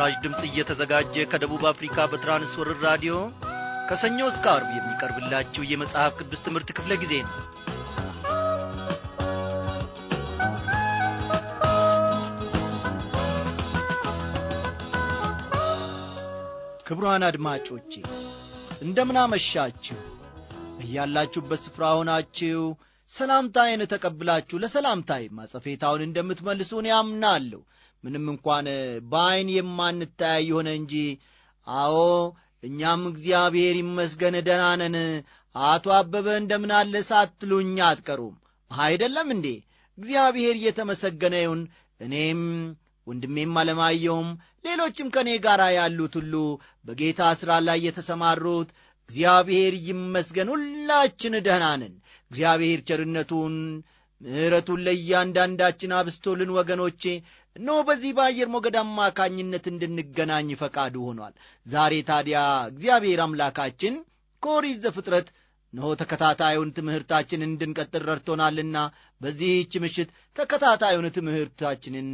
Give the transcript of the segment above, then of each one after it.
ለምስራች ድምፅ እየተዘጋጀ ከደቡብ አፍሪካ በትራንስወርር ራዲዮ ከሰኞ እስከ አርብ የሚቀርብላችሁ የመጽሐፍ ቅዱስ ትምህርት ክፍለ ጊዜ ነው ክብሯን አድማጮቼ እንደምናመሻችሁ እያላችሁበት ስፍራ ሆናችሁ ሰላምታዬን ተቀብላችሁ ለሰላምታይ ማጸፌታውን እንደምትመልሱ እኔ አምናለሁ ምንም እንኳን በዐይን የማንታያይ የሆነ እንጂ አዎ እኛም እግዚአብሔር ይመስገን ደናነን አቶ አበበ እንደምን አለ ሳትሉኝ አትቀሩም አይደለም እንዴ? እግዚአብሔር እየተመሰገነ ይሁን። እኔም ወንድሜም አለማየውም ሌሎችም ከእኔ ጋር ያሉት ሁሉ በጌታ ሥራ ላይ የተሰማሩት እግዚአብሔር ይመስገን ሁላችን ደህናንን እግዚአብሔር ቸርነቱን ምሕረቱን ለእያንዳንዳችን አብስቶልን ወገኖቼ እነሆ በዚህ በአየር ሞገድ አማካኝነት እንድንገናኝ ፈቃዱ ሆኗል። ዛሬ ታዲያ እግዚአብሔር አምላካችን ከኦሪት ዘፍጥረት እነሆ ተከታታዩን ትምህርታችን እንድንቀጥል ረድቶናልና በዚህች ምሽት ተከታታዩን ትምህርታችንን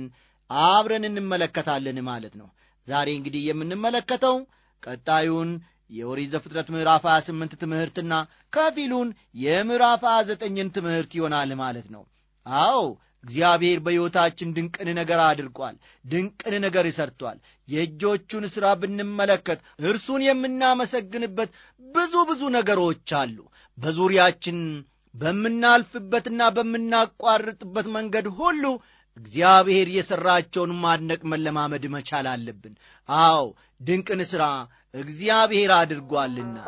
አብረን እንመለከታለን ማለት ነው። ዛሬ እንግዲህ የምንመለከተው ቀጣዩን የኦሪት ዘፍጥረት ምዕራፍ 28 ትምህርትና ከፊሉን የምዕራፍ 29ን ትምህርት ይሆናል ማለት ነው። አዎ እግዚአብሔር በሕይወታችን ድንቅን ነገር አድርጓል። ድንቅን ነገር ይሰርቷል። የእጆቹን ሥራ ብንመለከት እርሱን የምናመሰግንበት ብዙ ብዙ ነገሮች አሉ። በዙሪያችን በምናልፍበትና በምናቋርጥበት መንገድ ሁሉ እግዚአብሔር የሠራቸውን ማድነቅ መለማመድ መቻል አለብን። አዎ ድንቅን ሥራ እግዚአብሔር አድርጓልና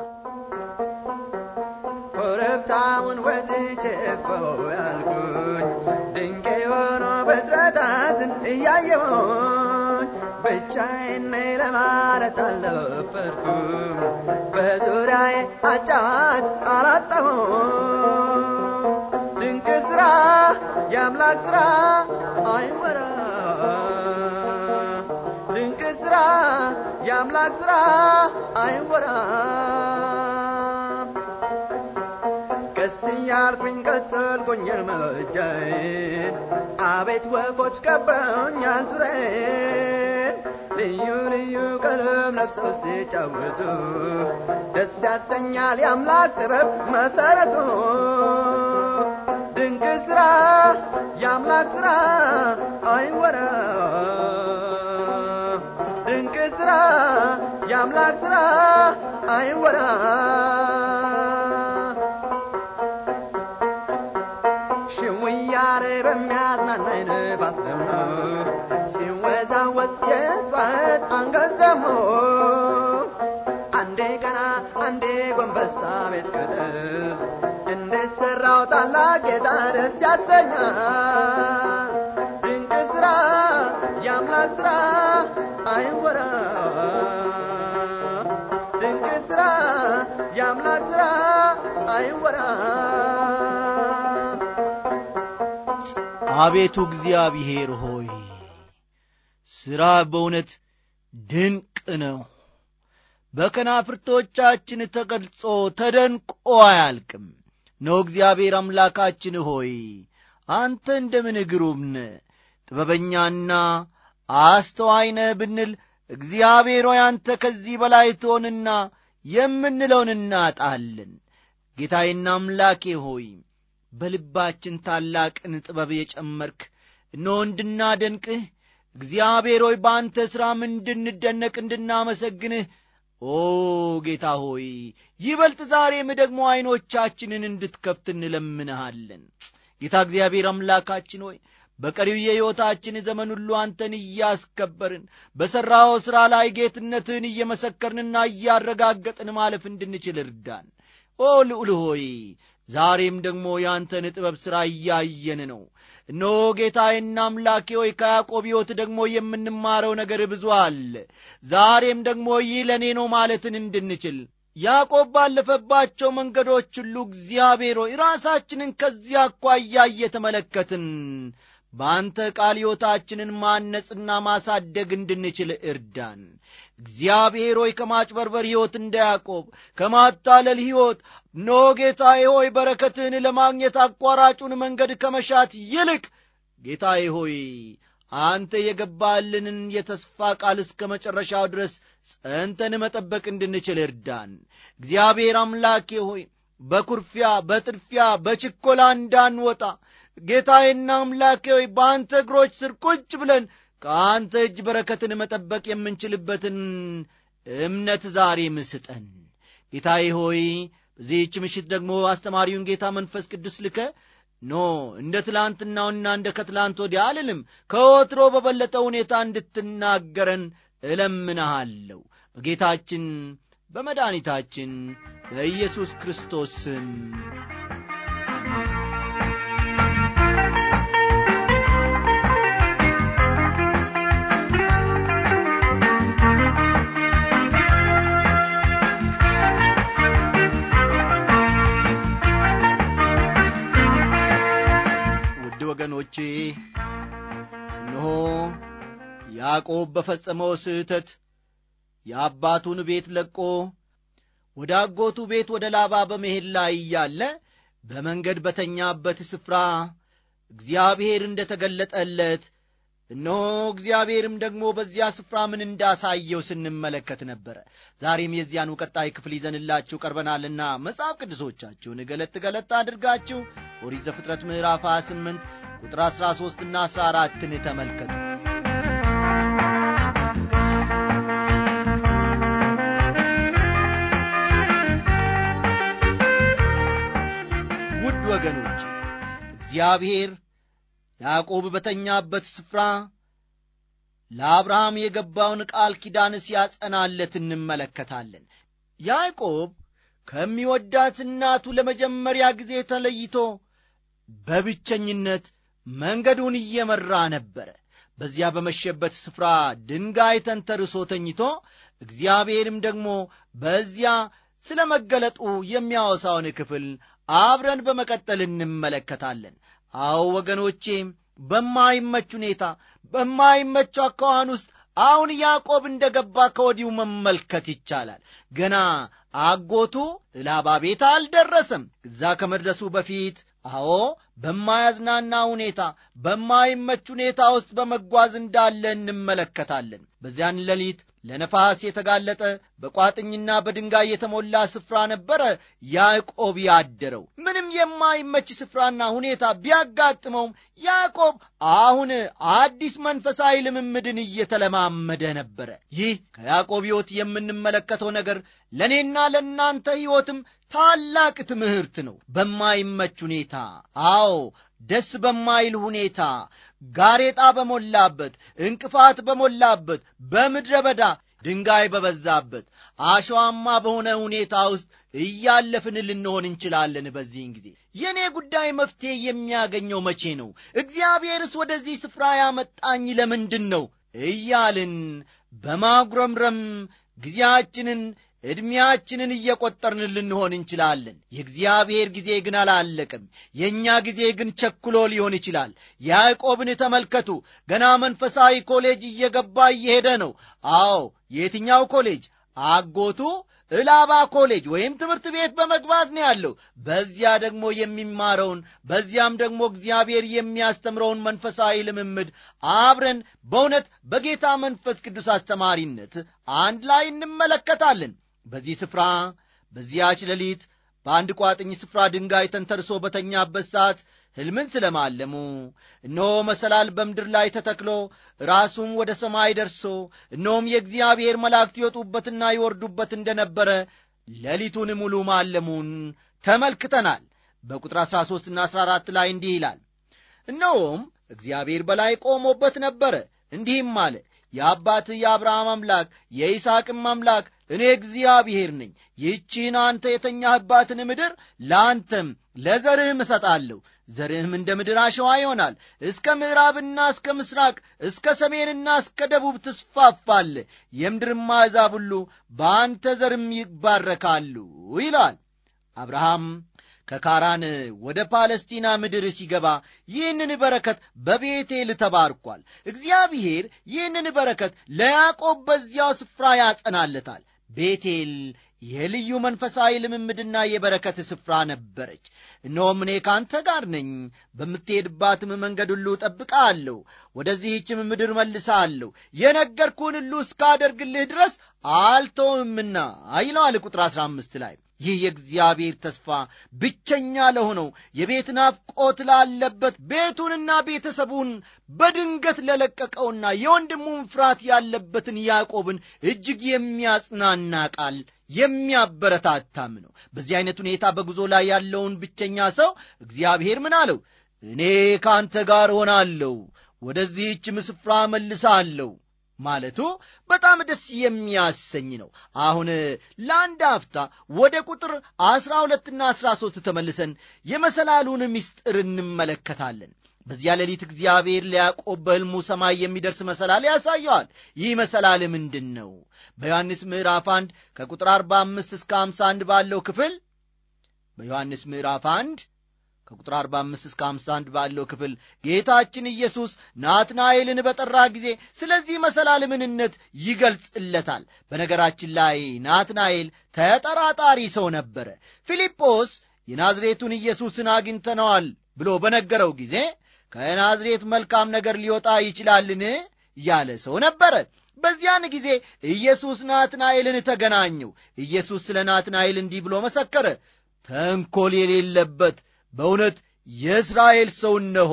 እያየሁኝ ብቻዬን ነኝ ለማለት አልፈርኩም። በዙሪያዬ አጫዋች አላጣሁም። ድንቅ ስራ የአምላክ ስራ አይወራ ድንቅ ስራ የአምላክ ስራ አይወራም። ቀስ እያልኩኝ ቀጠልኩኝ እርምጃዬን አቤት ወፎች ከበውኛል ዙሬን ልዩ ልዩ ቀለም ለብሰው ሲጫወቱ ደስ ያሰኛል የአምላክ ጥበብ መሰረቱ ድንቅ ስራ የአምላክ ስራ አይወራ ድንቅ ስራ የአምላክ ስራ አይወራ እንዳተኛ ድንቅ ስራ የአምላክ ስራ አይወራ ድንቅ ስራ የአምላክ ስራ አይወራ አቤቱ እግዚአብሔር ሆይ ሥራ በእውነት ድንቅ ነው በከናፍርቶቻችን ተገልጾ ተደንቆ አያልቅም ኖ እግዚአብሔር አምላካችን ሆይ አንተ እንደምን ግሩም ነ ጥበበኛና አስተዋይነ ብንል እግዚአብሔር ሆይ አንተ ከዚህ በላይ ትሆንና የምንለውን እናጣለን። ጌታዬና አምላኬ ሆይ በልባችን ታላቅን ጥበብ የጨመርክ እኖ እንድናደንቅህ እግዚአብሔር ሆይ በአንተ ሥራም እንድንደነቅ እንድናመሰግንህ ኦ ጌታ ሆይ ይበልጥ ዛሬም ደግሞ ዐይኖቻችንን እንድትከፍት እንለምንሃለን ጌታ እግዚአብሔር አምላካችን ሆይ በቀሪው የሕይወታችን ዘመን ሁሉ አንተን እያስከበርን በሠራው ሥራ ላይ ጌትነትን እየመሰከርንና እያረጋገጥን ማለፍ እንድንችል እርዳን ኦ ልዑል ሆይ ዛሬም ደግሞ የአንተን ጥበብ ሥራ እያየን ነው እነሆ ጌታዬና አምላኬ ሆይ ከያዕቆብ ሕይወት ደግሞ የምንማረው ነገር ብዙ አለ። ዛሬም ደግሞ ይህ ለእኔ ነው ማለትን እንድንችል ያዕቆብ ባለፈባቸው መንገዶች ሁሉ እግዚአብሔር ሆይ ራሳችንን ከዚያ አኳያ እየተመለከትን በአንተ ቃል ሕይወታችንን ማነጽና ማሳደግ እንድንችል እርዳን። እግዚአብሔር ሆይ ከማጭበርበር ሕይወት እንደ ያዕቆብ ከማታለል ሕይወት ኖ ጌታዬ ሆይ በረከትህን ለማግኘት አቋራጩን መንገድ ከመሻት ይልቅ ጌታዬ ሆይ አንተ የገባልንን የተስፋ ቃል እስከ መጨረሻው ድረስ ጸንተን መጠበቅ እንድንችል እርዳን። እግዚአብሔር አምላኬ ሆይ በኩርፊያ፣ በጥድፊያ፣ በችኮላ እንዳንወጣ ጌታዬና አምላኬ ሆይ በአንተ እግሮች ስር ቁጭ ብለን ከአንተ እጅ በረከትን መጠበቅ የምንችልበትን እምነት ዛሬ ምስጠን ጌታዬ ሆይ በዚህች ምሽት ደግሞ አስተማሪውን ጌታ መንፈስ ቅዱስ ልከ ኖ እንደ ትላንትናውና እንደ ከትላንት ወዲ አልልም ከወትሮ በበለጠ ሁኔታ እንድትናገረን እለምንሃለሁ በጌታችን በመድኒታችን በኢየሱስ ክርስቶስ ስም ወገኖቼ እነሆ ያዕቆብ በፈጸመው ስህተት የአባቱን ቤት ለቆ ወደ አጎቱ ቤት ወደ ላባ በመሄድ ላይ እያለ በመንገድ በተኛበት ስፍራ እግዚአብሔር እንደ ተገለጠለት እነሆ እግዚአብሔርም ደግሞ በዚያ ስፍራ ምን እንዳሳየው ስንመለከት ነበረ። ዛሬም የዚያኑ ቀጣይ ክፍል ይዘንላችሁ ቀርበናልና መጽሐፍ ቅዱሶቻችሁን ገለጥ ገለጥ አድርጋችሁ ኦሪት ዘፍጥረት ምዕራፍ 28 ቁጥር 13ና 14ን ተመልከቱ። ውድ ወገኖች እግዚአብሔር ያዕቆብ በተኛበት ስፍራ ለአብርሃም የገባውን ቃል ኪዳን ሲያጸናለት እንመለከታለን። ያዕቆብ ከሚወዳት እናቱ ለመጀመሪያ ጊዜ ተለይቶ በብቸኝነት መንገዱን እየመራ ነበረ። በዚያ በመሸበት ስፍራ ድንጋይ ተንተርሶ ተኝቶ እግዚአብሔርም ደግሞ በዚያ ስለ መገለጡ የሚያወሳውን ክፍል አብረን በመቀጠል እንመለከታለን። አዎ ወገኖቼ፣ በማይመች ሁኔታ በማይመች አኳኋን ውስጥ አሁን ያዕቆብ እንደ ገባ ከወዲሁ መመልከት ይቻላል። ገና አጎቱ ላባ ቤት አልደረሰም። እዛ ከመድረሱ በፊት አዎ፣ በማያዝናና ሁኔታ በማይመች ሁኔታ ውስጥ በመጓዝ እንዳለ እንመለከታለን። በዚያን ሌሊት ለነፋስ የተጋለጠ በቋጥኝና በድንጋይ የተሞላ ስፍራ ነበረ ያዕቆብ ያደረው። ምንም የማይመች ስፍራና ሁኔታ ቢያጋጥመውም ያዕቆብ አሁን አዲስ መንፈሳዊ ልምምድን እየተለማመደ ነበረ። ይህ ከያዕቆብ ሕይወት የምንመለከተው ነገር ለእኔና ለእናንተ ሕይወትም ታላቅ ትምህርት ነው። በማይመች ሁኔታ፣ አዎ ደስ በማይል ሁኔታ ጋሬጣ በሞላበት፣ እንቅፋት በሞላበት፣ በምድረ በዳ ድንጋይ በበዛበት፣ አሸዋማ በሆነ ሁኔታ ውስጥ እያለፍን ልንሆን እንችላለን። በዚህን ጊዜ የእኔ ጉዳይ መፍትሄ የሚያገኘው መቼ ነው? እግዚአብሔርስ ወደዚህ ስፍራ ያመጣኝ ለምንድን ነው? እያልን በማጉረምረም ጊዜያችንን ዕድሜያችንን እየቈጠርን ልንሆን እንችላለን። የእግዚአብሔር ጊዜ ግን አላለቅም። የእኛ ጊዜ ግን ቸኩሎ ሊሆን ይችላል። ያዕቆብን ተመልከቱ። ገና መንፈሳዊ ኮሌጅ እየገባ እየሄደ ነው። አዎ፣ የትኛው ኮሌጅ? አጎቱ እላባ ኮሌጅ ወይም ትምህርት ቤት በመግባት ነው ያለው። በዚያ ደግሞ የሚማረውን በዚያም ደግሞ እግዚአብሔር የሚያስተምረውን መንፈሳዊ ልምምድ አብረን በእውነት በጌታ መንፈስ ቅዱስ አስተማሪነት አንድ ላይ እንመለከታለን። በዚህ ስፍራ በዚያች ሌሊት በአንድ ቋጥኝ ስፍራ ድንጋይ ተንተርሶ በተኛበት ሰዓት ሕልምን ስለማለሙ እነሆ መሰላል በምድር ላይ ተተክሎ ራሱም ወደ ሰማይ ደርሶ እነሆም የእግዚአብሔር መላእክት ይወጡበትና ይወርዱበት እንደነበረ ሌሊቱን ሙሉ ማለሙን ተመልክተናል። በቁጥር 13ና 14 ላይ እንዲህ ይላል፣ እነሆም እግዚአብሔር በላይ ቆሞበት ነበረ፣ እንዲህም አለ የአባትህ የአብርሃም አምላክ የይስሐቅም አምላክ እኔ እግዚአብሔር ነኝ። ይህቺን አንተ የተኛህባትን ምድር ለአንተም ለዘርህም እሰጣለሁ። ዘርህም እንደ ምድር አሸዋ ይሆናል። እስከ ምዕራብና እስከ ምስራቅ፣ እስከ ሰሜንና እስከ ደቡብ ትስፋፋለ። የምድርም አሕዛብ ሁሉ በአንተ ዘርም ይባረካሉ ይላል አብርሃም ከካራን ወደ ፓለስቲና ምድር ሲገባ ይህንን በረከት በቤቴል ተባርኳል። እግዚአብሔር ይህንን በረከት ለያዕቆብ በዚያው ስፍራ ያጸናለታል። ቤቴል የልዩ መንፈሳዊ ልምምድና የበረከት ስፍራ ነበረች። እነሆም እኔ ካንተ ጋር ነኝ፣ በምትሄድባትም መንገድ ሁሉ እጠብቅሃለሁ፣ ወደዚህችም ምድር መልስሃለሁ፣ የነገርኩህን ሁሉ እስካደርግልህ ድረስ አልተውምና ይለዋል ቁጥር 15 ላይ ይህ የእግዚአብሔር ተስፋ ብቸኛ ለሆነው የቤት ናፍቆት ላለበት ቤቱንና ቤተሰቡን በድንገት ለለቀቀውና የወንድሙን ፍርሃት ያለበትን ያዕቆብን እጅግ የሚያጽናና ቃል የሚያበረታታም ነው። በዚህ አይነት ሁኔታ በጉዞ ላይ ያለውን ብቸኛ ሰው እግዚአብሔር ምን አለው? እኔ ከአንተ ጋር ሆናለሁ፣ ወደዚህች ምስፍራ መልሳለሁ ማለቱ በጣም ደስ የሚያሰኝ ነው። አሁን ለአንድ አፍታ ወደ ቁጥር አስራ ሁለትና አስራ ሦስት ተመልሰን የመሰላሉን ምስጢር እንመለከታለን። በዚያ ሌሊት እግዚአብሔር ለያዕቆብ በሕልሙ ሰማይ የሚደርስ መሰላል ያሳየዋል። ይህ መሰላል ምንድን ነው? በዮሐንስ ምዕራፍ 1 ከቁጥር 45 እስከ 51 ባለው ክፍል በዮሐንስ ምዕራፍ 1 ከቁጥር 45 እስከ 51 ባለው ክፍል ጌታችን ኢየሱስ ናትናኤልን በጠራ ጊዜ ስለዚህ መሰላል ምንነት ይገልጽለታል። በነገራችን ላይ ናትናኤል ተጠራጣሪ ሰው ነበረ። ፊልጶስ የናዝሬቱን ኢየሱስን አግኝተነዋል ብሎ በነገረው ጊዜ ከናዝሬት መልካም ነገር ሊወጣ ይችላልን ያለ ሰው ነበረ። በዚያን ጊዜ ኢየሱስ ናትናኤልን ተገናኘው። ኢየሱስ ስለ ናትናኤል እንዲህ ብሎ መሰከረ፣ ተንኮል የሌለበት በእውነት የእስራኤል ሰው እነሆ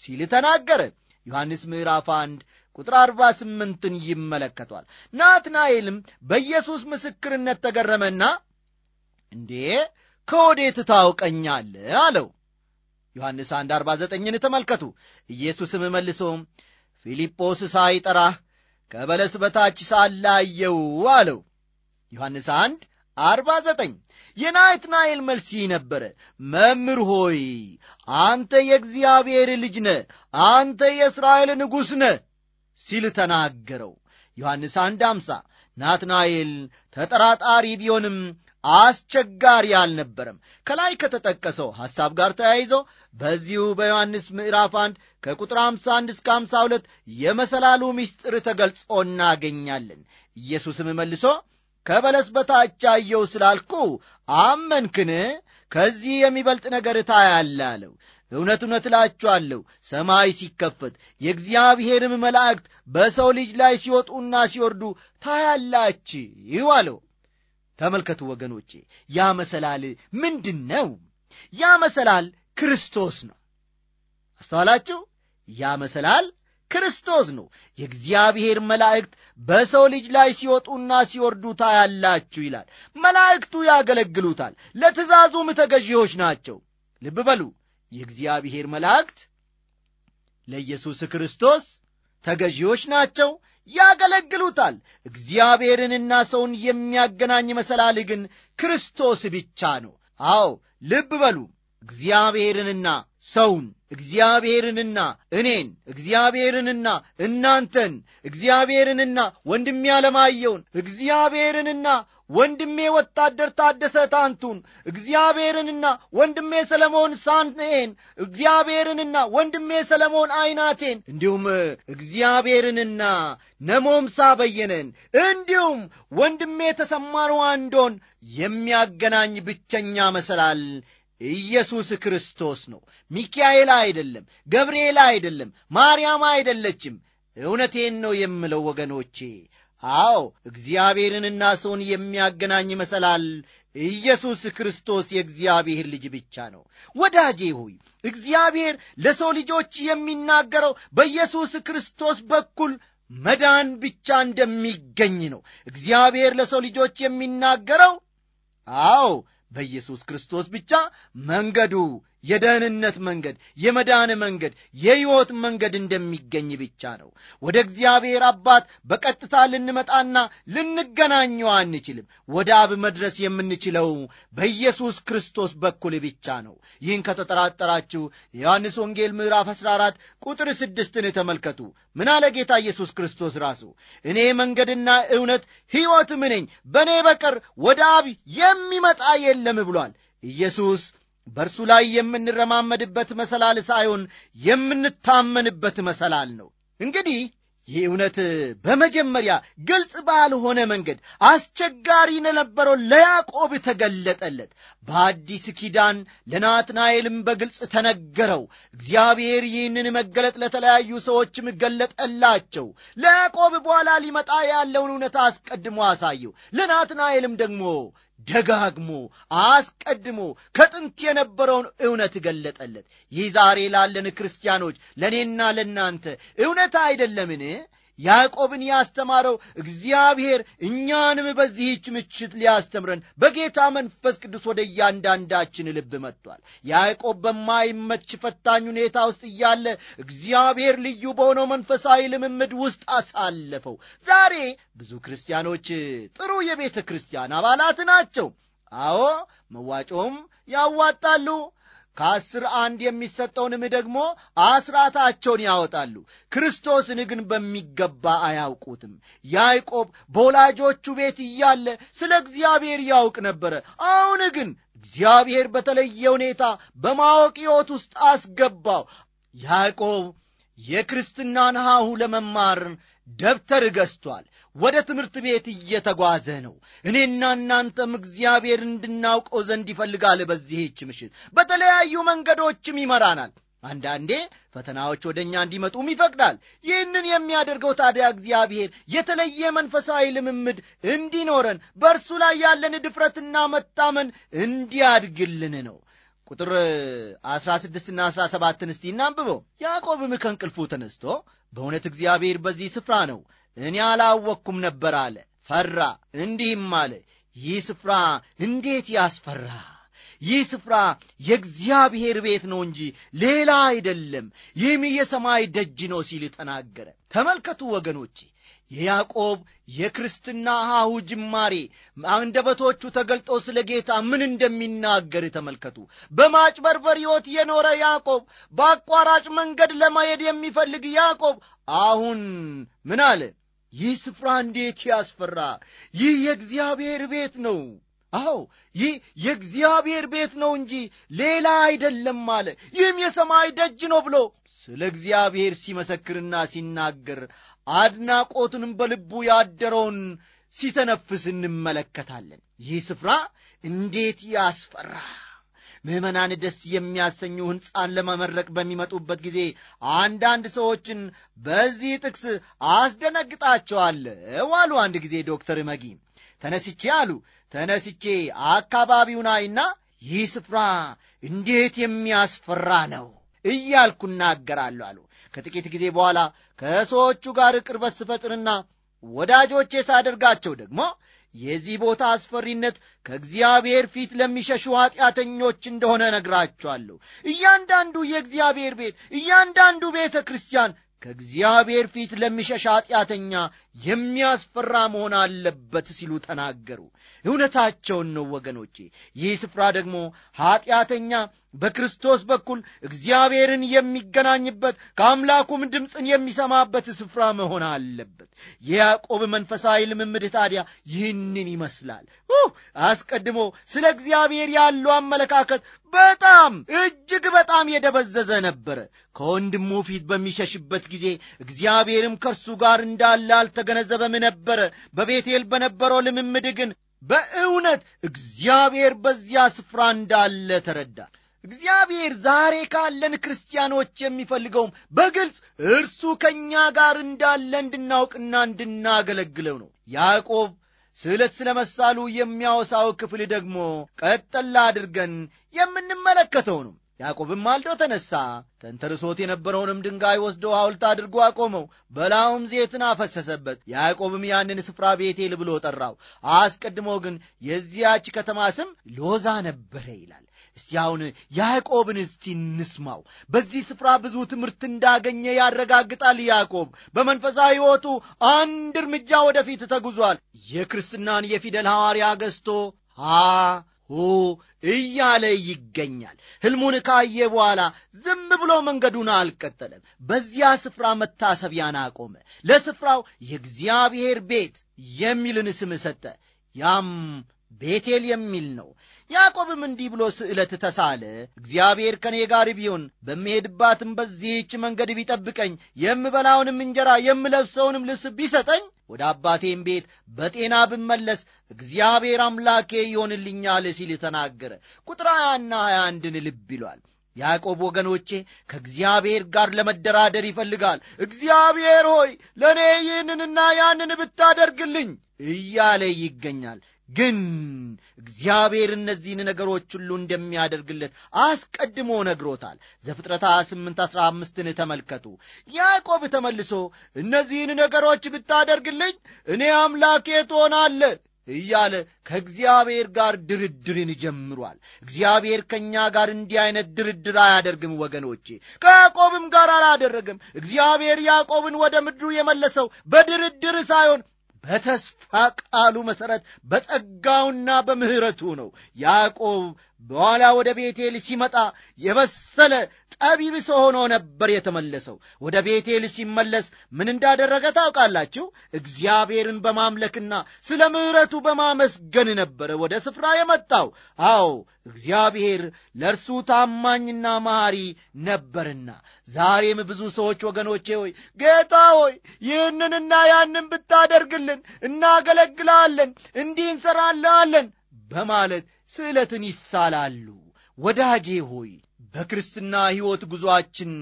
ሲል ተናገረ። ዮሐንስ ምዕራፍ 1 ቁጥር 48ን ይመለከቷል። ናትናኤልም በኢየሱስ ምስክርነት ተገረመና እንዴ ከወዴት ታውቀኛል? አለው። ዮሐንስ 1 49ን ተመልከቱ። ኢየሱስም መልሶ ፊልጶስ ሳይጠራህ ከበለስ በታች ሳላየው አለው። ዮሐንስ 1 አርባ ዘጠኝ የናትናኤል መልስ ነበረ፣ መምህር ሆይ አንተ የእግዚአብሔር ልጅ ነ አንተ የእስራኤል ንጉሥ ነ ሲል ተናገረው። ዮሐንስ አንድ አምሳ ናትናኤል ተጠራጣሪ ቢሆንም አስቸጋሪ አልነበረም። ከላይ ከተጠቀሰው ሐሳብ ጋር ተያይዞ በዚሁ በዮሐንስ ምዕራፍ 1 ከቁጥር 51 እስከ 52 የመሰላሉ ምስጢር ተገልጾ እናገኛለን። ኢየሱስም መልሶ ከበለስ በታች አየው ስላልኩ አመንክን? ከዚህ የሚበልጥ ነገር ታያለ አለው። እውነት እውነት እላችኋለሁ ሰማይ ሲከፈት የእግዚአብሔርም መላእክት በሰው ልጅ ላይ ሲወጡና ሲወርዱ ታያላችሁ አለው። ተመልከቱ ወገኖቼ፣ ያ መሰላል ምንድን ነው? ያ መሰላል ክርስቶስ ነው። አስተዋላችሁ? ያ መሰላል ክርስቶስ ነው። የእግዚአብሔር መላእክት በሰው ልጅ ላይ ሲወጡና ሲወርዱ ታያላችሁ ይላል። መላእክቱ ያገለግሉታል፣ ለትእዛዙም ተገዢዎች ናቸው። ልብ በሉ፣ የእግዚአብሔር መላእክት ለኢየሱስ ክርስቶስ ተገዢዎች ናቸው፣ ያገለግሉታል። እግዚአብሔርንና ሰውን የሚያገናኝ መሰላል ግን ክርስቶስ ብቻ ነው። አዎ ልብ በሉ፣ እግዚአብሔርንና ሰውን እግዚአብሔርንና እኔን እግዚአብሔርንና እናንተን እግዚአብሔርንና ወንድሜ አለማየውን እግዚአብሔርንና ወንድሜ ወታደር ታደሰ ታንቱን እግዚአብሔርንና ወንድሜ ሰለሞን ሳንኤን እግዚአብሔርንና ወንድሜ ሰለሞን አይናቴን እንዲሁም እግዚአብሔርንና ነሞምሳ በየነን እንዲሁም ወንድሜ ተሰማሩ አንዶን የሚያገናኝ ብቸኛ መሰላል ኢየሱስ ክርስቶስ ነው። ሚካኤል አይደለም፣ ገብርኤል አይደለም፣ ማርያም አይደለችም። እውነቴን ነው የምለው ወገኖቼ። አዎ እግዚአብሔርንና ሰውን የሚያገናኝ መሰላል ኢየሱስ ክርስቶስ የእግዚአብሔር ልጅ ብቻ ነው። ወዳጄ ሆይ እግዚአብሔር ለሰው ልጆች የሚናገረው በኢየሱስ ክርስቶስ በኩል መዳን ብቻ እንደሚገኝ ነው። እግዚአብሔር ለሰው ልጆች የሚናገረው አዎ በኢየሱስ ክርስቶስ ብቻ መንገዱ የደህንነት መንገድ፣ የመዳን መንገድ፣ የሕይወት መንገድ እንደሚገኝ ብቻ ነው። ወደ እግዚአብሔር አባት በቀጥታ ልንመጣና ልንገናኘው አንችልም። ወደ አብ መድረስ የምንችለው በኢየሱስ ክርስቶስ በኩል ብቻ ነው። ይህን ከተጠራጠራችሁ የዮሐንስ ወንጌል ምዕራፍ 14 ቁጥር ስድስትን ተመልከቱ። ምን አለ ጌታ ኢየሱስ ክርስቶስ ራሱ? እኔ መንገድና እውነት ሕይወት ምንኝ በእኔ በቀር ወደ አብ የሚመጣ የለም ብሏል ኢየሱስ በእርሱ ላይ የምንረማመድበት መሰላል ሳይሆን የምንታመንበት መሰላል ነው። እንግዲህ ይህ እውነት በመጀመሪያ ግልጽ ባልሆነ መንገድ አስቸጋሪ ለነበረው ለያዕቆብ ተገለጠለት። በአዲስ ኪዳን ለናትናኤልም በግልጽ ተነገረው። እግዚአብሔር ይህንን መገለጥ ለተለያዩ ሰዎችም ገለጠላቸው። ለያዕቆብ በኋላ ሊመጣ ያለውን እውነት አስቀድሞ አሳየው። ለናትናኤልም ደግሞ ደጋግሞ አስቀድሞ ከጥንት የነበረውን እውነት ገለጠለት። ይህ ዛሬ ላለን ክርስቲያኖች፣ ለእኔና ለእናንተ እውነት አይደለምን? ያዕቆብን ያስተማረው እግዚአብሔር እኛንም በዚህች ምችት ሊያስተምረን በጌታ መንፈስ ቅዱስ ወደ እያንዳንዳችን ልብ መጥቷል። ያዕቆብ በማይመች ፈታኝ ሁኔታ ውስጥ እያለ እግዚአብሔር ልዩ በሆነው መንፈሳዊ ልምምድ ውስጥ አሳለፈው። ዛሬ ብዙ ክርስቲያኖች ጥሩ የቤተ ክርስቲያን አባላት ናቸው። አዎ መዋጮም ያዋጣሉ ከአስር አንድ የሚሰጠውንም ደግሞ አስራታቸውን ያወጣሉ። ክርስቶስን ግን በሚገባ አያውቁትም። ያዕቆብ በወላጆቹ ቤት እያለ ስለ እግዚአብሔር ያውቅ ነበረ። አሁን ግን እግዚአብሔር በተለየ ሁኔታ በማወቅ ሕይወት ውስጥ አስገባው። ያዕቆብ የክርስትናን ሐሁ ለመማርን ደብተር ገዝቷል። ወደ ትምህርት ቤት እየተጓዘ ነው። እኔና እናንተም እግዚአብሔር እንድናውቀው ዘንድ ይፈልጋል። በዚህች ምሽት በተለያዩ መንገዶችም ይመራናል። አንዳንዴ ፈተናዎች ወደ እኛ እንዲመጡም ይፈቅዳል። ይህንን የሚያደርገው ታዲያ እግዚአብሔር የተለየ መንፈሳዊ ልምምድ እንዲኖረን በእርሱ ላይ ያለን ድፍረትና መታመን እንዲያድግልን ነው። ቁጥር አስራ ስድስትና አስራ ሰባትን እስቲ እናንብበው። ያዕቆብም ከእንቅልፉ ተነስቶ በእውነት እግዚአብሔር በዚህ ስፍራ ነው፣ እኔ አላወቅኩም ነበር አለ። ፈራ፣ እንዲህም አለ፣ ይህ ስፍራ እንዴት ያስፈራ ይህ ስፍራ የእግዚአብሔር ቤት ነው እንጂ ሌላ አይደለም፣ ይህም የሰማይ ደጅ ነው ሲል ተናገረ። ተመልከቱ ወገኖቼ የያዕቆብ የክርስትና ሐሁ ጅማሬ አንደበቶቹ ተገልጦ ስለ ጌታ ምን እንደሚናገር ተመልከቱ። በማጭበርበር ሕይወት የኖረ ያዕቆብ፣ በአቋራጭ መንገድ ለማሄድ የሚፈልግ ያዕቆብ አሁን ምን አለ? ይህ ስፍራ እንዴት ያስፈራ! ይህ የእግዚአብሔር ቤት ነው አዎ ይህ የእግዚአብሔር ቤት ነው እንጂ ሌላ አይደለም አለ። ይህም የሰማይ ደጅ ነው ብሎ ስለ እግዚአብሔር ሲመሰክርና ሲናገር አድናቆቱንም በልቡ ያደረውን ሲተነፍስ እንመለከታለን። ይህ ስፍራ እንዴት ያስፈራ! ምዕመናን ደስ የሚያሰኙ ሕንፃን ለመመረቅ በሚመጡበት ጊዜ አንዳንድ ሰዎችን በዚህ ጥቅስ አስደነግጣቸዋለ ዋሉ አንድ ጊዜ ዶክተር መጊ ተነስቼ አሉ ተነስቼ አካባቢውን አይና ይህ ስፍራ እንዴት የሚያስፈራ ነው እያልኩ እናገራለሁ አሉ ከጥቂት ጊዜ በኋላ ከሰዎቹ ጋር ቅርበት ስፈጥርና ወዳጆቼ ሳደርጋቸው ደግሞ የዚህ ቦታ አስፈሪነት ከእግዚአብሔር ፊት ለሚሸሹ ኀጢአተኞች እንደሆነ ነግራችኋለሁ። እያንዳንዱ የእግዚአብሔር ቤት፣ እያንዳንዱ ቤተ ክርስቲያን ከእግዚአብሔር ፊት ለሚሸሽ ኃጢአተኛ የሚያስፈራ መሆን አለበት ሲሉ ተናገሩ። እውነታቸውን ነው ወገኖቼ። ይህ ስፍራ ደግሞ ኃጢአተኛ በክርስቶስ በኩል እግዚአብሔርን የሚገናኝበት ከአምላኩም ድምፅን የሚሰማበት ስፍራ መሆን አለበት። የያዕቆብ መንፈሳዊ ልምምድ ታዲያ ይህንን ይመስላል። አስቀድሞ ስለ እግዚአብሔር ያለው አመለካከት በጣም እጅግ በጣም የደበዘዘ ነበረ። ከወንድሙ ፊት በሚሸሽበት ጊዜ እግዚአብሔርም ከእርሱ ጋር እንዳለ አልተገነዘበም ነበረ። በቤቴል በነበረው ልምምድ ግን በእውነት እግዚአብሔር በዚያ ስፍራ እንዳለ ተረዳ። እግዚአብሔር ዛሬ ካለን ክርስቲያኖች የሚፈልገውም በግልጽ እርሱ ከእኛ ጋር እንዳለ እንድናውቅና እንድናገለግለው ነው። ያዕቆብ ስዕለት ስለ መሳሉ የሚያወሳው ክፍል ደግሞ ቀጠላ አድርገን የምንመለከተው ነው። ያዕቆብም አልዶ ተነሣ፣ ተንተርሶት የነበረውንም ድንጋይ ወስዶ ሐውልት አድርጎ አቆመው፣ በላዩም ዜትን አፈሰሰበት። ያዕቆብም ያንን ስፍራ ቤቴል ብሎ ጠራው። አስቀድሞ ግን የዚያች ከተማ ስም ሎዛ ነበረ ይላል። እስቲ አሁን ያዕቆብን እስቲ እንስማው። በዚህ ስፍራ ብዙ ትምህርት እንዳገኘ ያረጋግጣል። ያዕቆብ በመንፈሳዊ ሕይወቱ አንድ እርምጃ ወደፊት ተጉዟል። የክርስትናን የፊደል ሐዋርያ ገዝቶ ሀ ሁ እያለ ይገኛል። ሕልሙን ካየ በኋላ ዝም ብሎ መንገዱን አልቀጠለም። በዚያ ስፍራ መታሰቢያን አቆመ። ለስፍራው የእግዚአብሔር ቤት የሚልን ስም ሰጠ። ያም ቤቴል የሚል ነው። ያዕቆብም እንዲህ ብሎ ስዕለት ተሳለ። እግዚአብሔር ከእኔ ጋር ቢሆን በምሄድባትም በዚህች መንገድ ቢጠብቀኝ፣ የምበላውንም እንጀራ የምለብሰውንም ልብስ ቢሰጠኝ፣ ወደ አባቴም ቤት በጤና ብመለስ እግዚአብሔር አምላኬ ይሆንልኛል ሲል ተናገረ። ቁጥር ሀያና ሀያ አንድን ልብ ይሏል። ያዕቆብ ወገኖቼ ከእግዚአብሔር ጋር ለመደራደር ይፈልጋል። እግዚአብሔር ሆይ ለእኔ ይህንንና ያንን ብታደርግልኝ እያለ ይገኛል። ግን እግዚአብሔር እነዚህን ነገሮች ሁሉ እንደሚያደርግለት አስቀድሞ ነግሮታል። ዘፍጥረት 8 15 አምስትን ተመልከቱ። ያዕቆብ ተመልሶ እነዚህን ነገሮች ብታደርግልኝ እኔ አምላኬ ትሆናለህ እያለ ከእግዚአብሔር ጋር ድርድርን ጀምሯል። እግዚአብሔር ከእኛ ጋር እንዲህ አይነት ድርድር አያደርግም ወገኖቼ። ከያዕቆብም ጋር አላደረግም። እግዚአብሔር ያዕቆብን ወደ ምድሩ የመለሰው በድርድር ሳይሆን በተስፋ ቃሉ መሠረት በጸጋውና በምሕረቱ ነው። ያዕቆብ በኋላ ወደ ቤቴል ሲመጣ የበሰለ ጠቢብ ሰው ሆኖ ነበር የተመለሰው። ወደ ቤቴል ሲመለስ ምን እንዳደረገ ታውቃላችሁ? እግዚአብሔርን በማምለክና ስለ ምዕረቱ በማመስገን ነበረ ወደ ስፍራ የመጣው። አዎ እግዚአብሔር ለእርሱ ታማኝና መሐሪ ነበርና። ዛሬም ብዙ ሰዎች ወገኖቼ ሆይ ጌታ ሆይ ይህንንና ያንን ብታደርግልን እናገለግላለን እንዲህ እንሠራልሃለን በማለት ስዕለትን ይሳላሉ። ወዳጄ ሆይ በክርስትና ሕይወት ጉዞአችን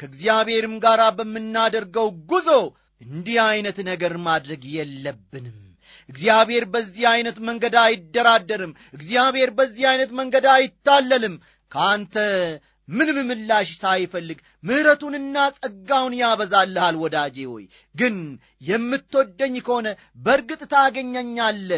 ከእግዚአብሔርም ጋር በምናደርገው ጉዞ እንዲህ ዐይነት ነገር ማድረግ የለብንም። እግዚአብሔር በዚህ ዐይነት መንገድ አይደራደርም። እግዚአብሔር በዚህ ዐይነት መንገድ አይታለልም። ከአንተ ምንም ምላሽ ሳይፈልግ ምሕረቱንና ጸጋውን ያበዛልሃል። ወዳጄ ሆይ ግን የምትወደኝ ከሆነ በእርግጥ ታገኘኛለ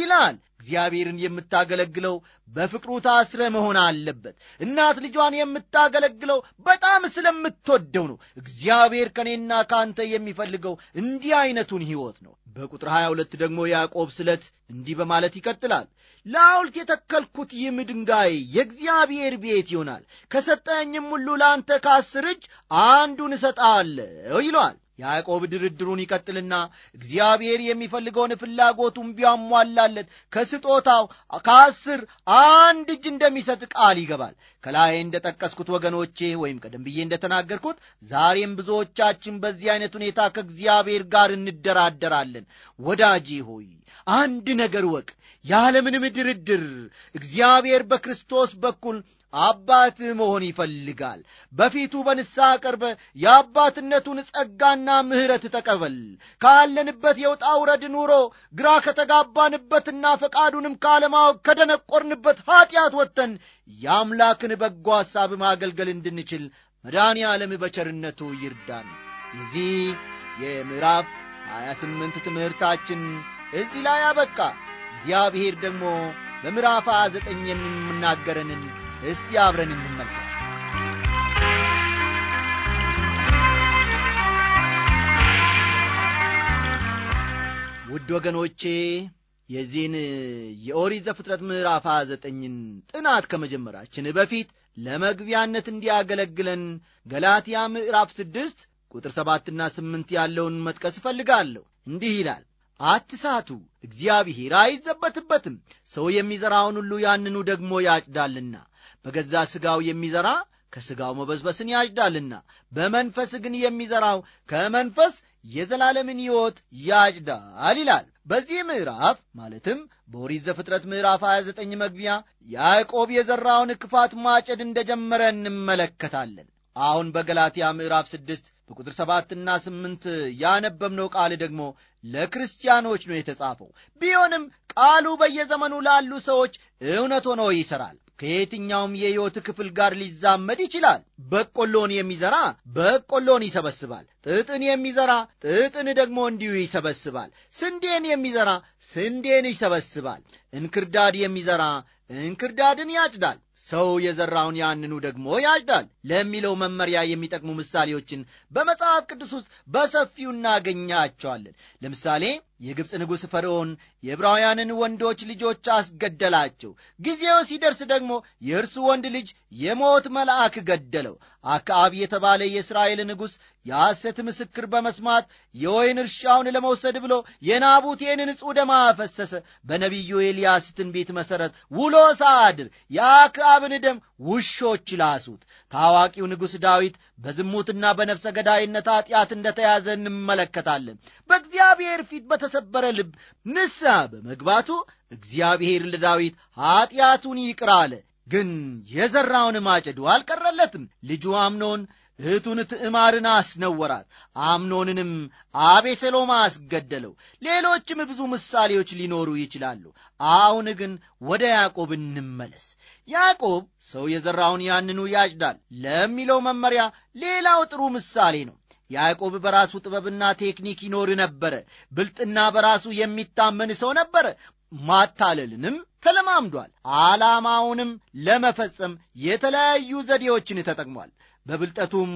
ይላል። እግዚአብሔርን የምታገለግለው በፍቅሩ ታስረ መሆን አለበት። እናት ልጇን የምታገለግለው በጣም ስለምትወደው ነው። እግዚአብሔር ከእኔና ከአንተ የሚፈልገው እንዲህ ዐይነቱን ሕይወት ነው። በቁጥር 22 ደግሞ ያዕቆብ ስለት እንዲህ በማለት ይቀጥላል። ለአውልት የተከልኩት ይህም ድንጋይ የእግዚአብሔር ቤት ይሆናል፣ ከሰጠኝም ሁሉ ለአንተ ከአስር እጅ አንዱን እሰጣለሁ ይለዋል። ያዕቆብ ድርድሩን ይቀጥልና እግዚአብሔር የሚፈልገውን ፍላጎቱን ቢያሟላለት ከስጦታው ከአስር አንድ እጅ እንደሚሰጥ ቃል ይገባል። ከላይ እንደጠቀስኩት ወገኖቼ፣ ወይም ቀደም ብዬ እንደተናገርኩት ዛሬም ብዙዎቻችን በዚህ አይነት ሁኔታ ከእግዚአብሔር ጋር እንደራደራለን። ወዳጄ ሆይ አንድ ነገር ወቅ፣ ያለምንም ድርድር እግዚአብሔር በክርስቶስ በኩል አባትህ መሆን ይፈልጋል። በፊቱ በንስሐ ቀርበ የአባትነቱን ጸጋና ምሕረት ተቀበል። ካለንበት የውጣ ውረድ ኑሮ ግራ ከተጋባንበትና ፈቃዱንም ካለማወቅ ከደነቆርንበት ኀጢአት ወጥተን የአምላክን በጎ ሐሳብ ማገልገል እንድንችል መድኃኔ ዓለም በቸርነቱ ይርዳን። የዚህ የምዕራፍ 28 ትምህርታችን እዚህ ላይ አበቃ። እግዚአብሔር ደግሞ በምዕራፍ 29 የምናገረንን እስቲ አብረን እንመልከት። ውድ ወገኖቼ የዚህን የኦሪት ዘፍጥረት ምዕራፍ ዘጠኝን ጥናት ከመጀመራችን በፊት ለመግቢያነት እንዲያገለግለን ገላትያ ምዕራፍ ስድስት ቁጥር ሰባትና ስምንት ያለውን መጥቀስ እፈልጋለሁ። እንዲህ ይላል፣ አትሳቱ፣ እግዚአብሔር አይዘበትበትም፣ ሰው የሚዘራውን ሁሉ ያንኑ ደግሞ ያጭዳልና በገዛ ሥጋው የሚዘራ ከሥጋው መበዝበስን ያጭዳልና በመንፈስ ግን የሚዘራው ከመንፈስ የዘላለምን ሕይወት ያጭዳል ይላል። በዚህ ምዕራፍ ማለትም በኦሪት ዘፍጥረት ምዕራፍ 29 መግቢያ ያዕቆብ የዘራውን ክፋት ማጨድ እንደጀመረ እንመለከታለን። አሁን በገላትያ ምዕራፍ 6 በቁጥር 7ና 8 ያነበብነው ቃል ደግሞ ለክርስቲያኖች ነው የተጻፈው። ቢሆንም ቃሉ በየዘመኑ ላሉ ሰዎች እውነት ሆኖ ይሠራል። ከየትኛውም የሕይወት ክፍል ጋር ሊዛመድ ይችላል። በቆሎን የሚዘራ በቆሎን ይሰበስባል። ጥጥን የሚዘራ ጥጥን ደግሞ እንዲሁ ይሰበስባል። ስንዴን የሚዘራ ስንዴን ይሰበስባል። እንክርዳድ የሚዘራ እንክርዳድን ያጭዳል፣ ሰው የዘራውን ያንኑ ደግሞ ያጭዳል ለሚለው መመሪያ የሚጠቅሙ ምሳሌዎችን በመጽሐፍ ቅዱስ ውስጥ በሰፊው እናገኛቸዋለን። ለምሳሌ የግብፅ ንጉሥ ፈርዖን የዕብራውያንን ወንዶች ልጆች አስገደላቸው። ጊዜው ሲደርስ ደግሞ የእርሱ ወንድ ልጅ የሞት መልአክ ገደለው። አክአብ የተባለ የእስራኤል ንጉሥ የሐሰት ምስክር በመስማት የወይን እርሻውን ለመውሰድ ብሎ የናቡቴን ንጹሕ ደማ አፈሰሰ። በነቢዩ ኤልያስ ትንቢት መሠረት ውሎ ሳድር የአክአብን ደም ውሾች ላሱት። ታዋቂው ንጉሥ ዳዊት በዝሙትና በነፍሰ ገዳይነት ኃጢአት እንደተያዘ እንመለከታለን። በእግዚአብሔር ፊት በተሰበረ ልብ ንስሐ በመግባቱ እግዚአብሔር ለዳዊት ኃጢአቱን ይቅር አለ። ግን የዘራውን ማጨዱ አልቀረለትም። ልጁ አምኖን እህቱን ትዕማርን አስነወራት፣ አምኖንንም አቤሴሎም አስገደለው። ሌሎችም ብዙ ምሳሌዎች ሊኖሩ ይችላሉ። አሁን ግን ወደ ያዕቆብ እንመለስ። ያዕቆብ ሰው የዘራውን ያንኑ ያጭዳል ለሚለው መመሪያ ሌላው ጥሩ ምሳሌ ነው። ያዕቆብ በራሱ ጥበብና ቴክኒክ ይኖር ነበረ። ብልጥና በራሱ የሚታመን ሰው ነበረ። ማታለልንም ተለማምዷል። ዓላማውንም ለመፈጸም የተለያዩ ዘዴዎችን ተጠቅሟል። በብልጠቱም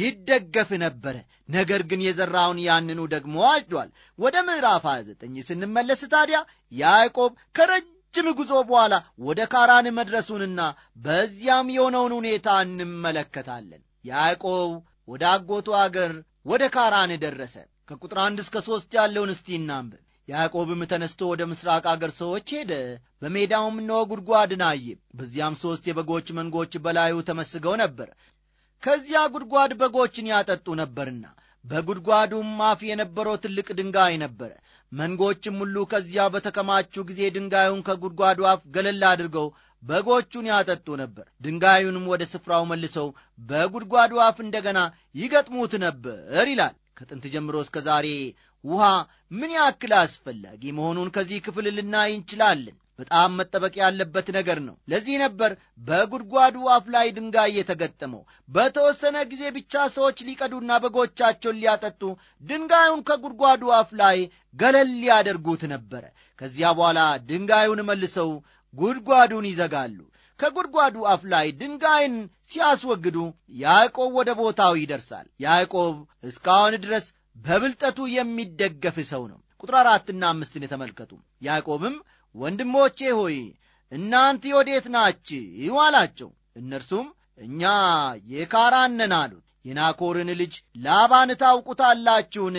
ይደገፍ ነበረ። ነገር ግን የዘራውን ያንኑ ደግሞ አጭዷል። ወደ ምዕራፍ 29 ስንመለስ ታዲያ ያዕቆብ ከረጅም ጉዞ በኋላ ወደ ካራን መድረሱንና በዚያም የሆነውን ሁኔታ እንመለከታለን። ያዕቆብ ወደ አጎቱ አገር ወደ ካራን ደረሰ። ከቁጥር አንድ እስከ ሦስት ያለውን እስቲ እናንብብ። ያዕቆብም ተነስቶ ወደ ምሥራቅ አገር ሰዎች ሄደ። በሜዳውም እነሆ ጉድጓድን አየ። በዚያም ሦስት የበጎች መንጎች በላዩ ተመስገው ነበር። ከዚያ ጉድጓድ በጎችን ያጠጡ ነበርና፣ በጉድጓዱም አፍ የነበረው ትልቅ ድንጋይ ነበረ። መንጎችም ሁሉ ከዚያ በተከማቹ ጊዜ ድንጋዩን ከጉድጓዱ አፍ ገለል አድርገው በጎቹን ያጠጡ ነበር። ድንጋዩንም ወደ ስፍራው መልሰው በጉድጓዱ አፍ እንደገና ይገጥሙት ነበር ይላል። ከጥንት ጀምሮ እስከ ዛሬ ውሃ ምን ያክል አስፈላጊ መሆኑን ከዚህ ክፍል ልናይ እንችላለን። በጣም መጠበቅ ያለበት ነገር ነው። ለዚህ ነበር በጉድጓዱ አፍ ላይ ድንጋይ የተገጠመው። በተወሰነ ጊዜ ብቻ ሰዎች ሊቀዱና በጎቻቸውን ሊያጠጡ ድንጋዩን ከጉድጓዱ አፍ ላይ ገለል ሊያደርጉት ነበረ። ከዚያ በኋላ ድንጋዩን መልሰው ጉድጓዱን ይዘጋሉ። ከጉድጓዱ አፍ ላይ ድንጋይን ሲያስወግዱ ያዕቆብ ወደ ቦታው ይደርሳል። ያዕቆብ እስካሁን ድረስ በብልጠቱ የሚደገፍ ሰው ነው። ቁጥር አራትና አምስትን የተመልከቱ። ያዕቆብም ወንድሞቼ ሆይ እናንት ወዴት ናችሁ አላቸው። እነርሱም እኛ የካራነን አሉት። የናኮርን ልጅ ላባን ታውቁታላችሁን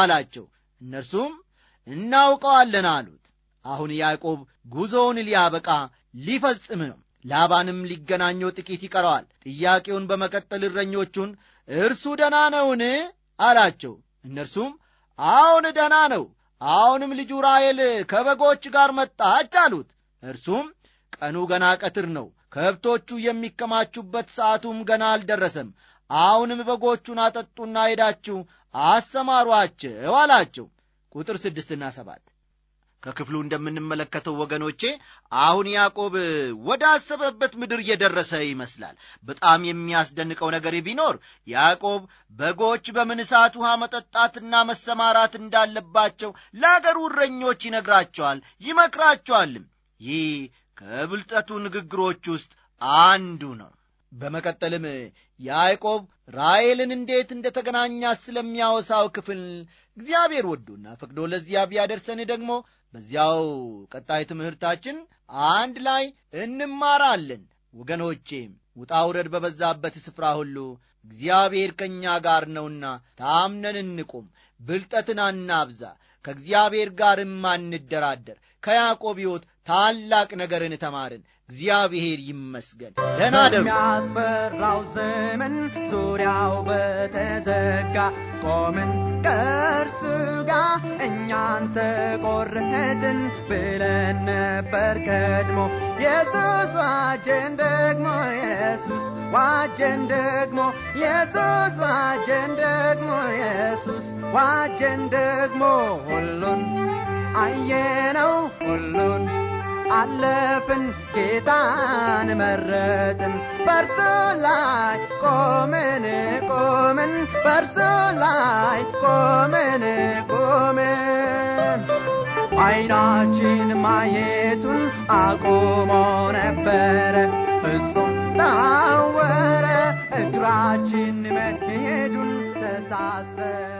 አላቸው። እነርሱም እናውቀዋለን አሉት። አሁን ያዕቆብ ጉዞውን ሊያበቃ ሊፈጽም ነው። ላባንም ሊገናኘው ጥቂት ይቀረዋል። ጥያቄውን በመቀጠል እረኞቹን እርሱ ደና ነውን አላቸው። እነርሱም አዎን ደህና ነው። አሁንም ልጁ ራኤል ከበጎች ጋር መጣች አሉት። እርሱም ቀኑ ገና ቀትር ነው፣ ከብቶቹ የሚከማቹበት ሰዓቱም ገና አልደረሰም። አሁንም በጎቹን አጠጡና ሄዳችሁ አሰማሯቸው አላቸው። ቁጥር ስድስትና ሰባት ከክፍሉ እንደምንመለከተው ወገኖቼ አሁን ያዕቆብ ወደ አሰበበት ምድር እየደረሰ ይመስላል። በጣም የሚያስደንቀው ነገር ቢኖር ያዕቆብ በጎች በምን እሳት ውሃ መጠጣትና መሰማራት እንዳለባቸው ለአገሩ እረኞች ይነግራቸዋል፣ ይመክራቸዋልም። ይህ ከብልጠቱ ንግግሮች ውስጥ አንዱ ነው። በመቀጠልም ያዕቆብ ራኤልን እንዴት እንደ ተገናኛ ስለሚያወሳው ክፍል እግዚአብሔር ወዶና ፈቅዶ ለዚያ ቢያደርሰን ደግሞ በዚያው ቀጣይ ትምህርታችን አንድ ላይ እንማራለን። ወገኖቼም ውጣ ውረድ በበዛበት ስፍራ ሁሉ እግዚአብሔር ከእኛ ጋር ነውና ታምነን እንቁም። ብልጠትን አናብዛ፣ ከእግዚአብሔር ጋር አንደራደር። ከያዕቆብ ሕይወት ታላቅ ነገርን ተማርን። እግዚአብሔር ይመስገን። ደናደሩ ደሩ። ዘመን ዙሪያው በተዘጋ ቆምን ከእርሱ ጋር እኛን ተቆረጥን ብለን ነበር ቀድሞ የሱስ ዋጀን ደግሞ የሱስ ዋጀን ደግሞ የሱስ ዋጀን ደግሞ የሱስ ዋጀን ደግሞ ሁሉን አየነው ሁሉን አለፍን ጌታን መረጥን በርሱ ላይ ቆምን ቆምን በርሱ ላይ ቆምን ቆምን አይናችን ማየቱን አቁሞ ነበረ እሱም ታወረ እግራችን መሄዱን ተሳሰረ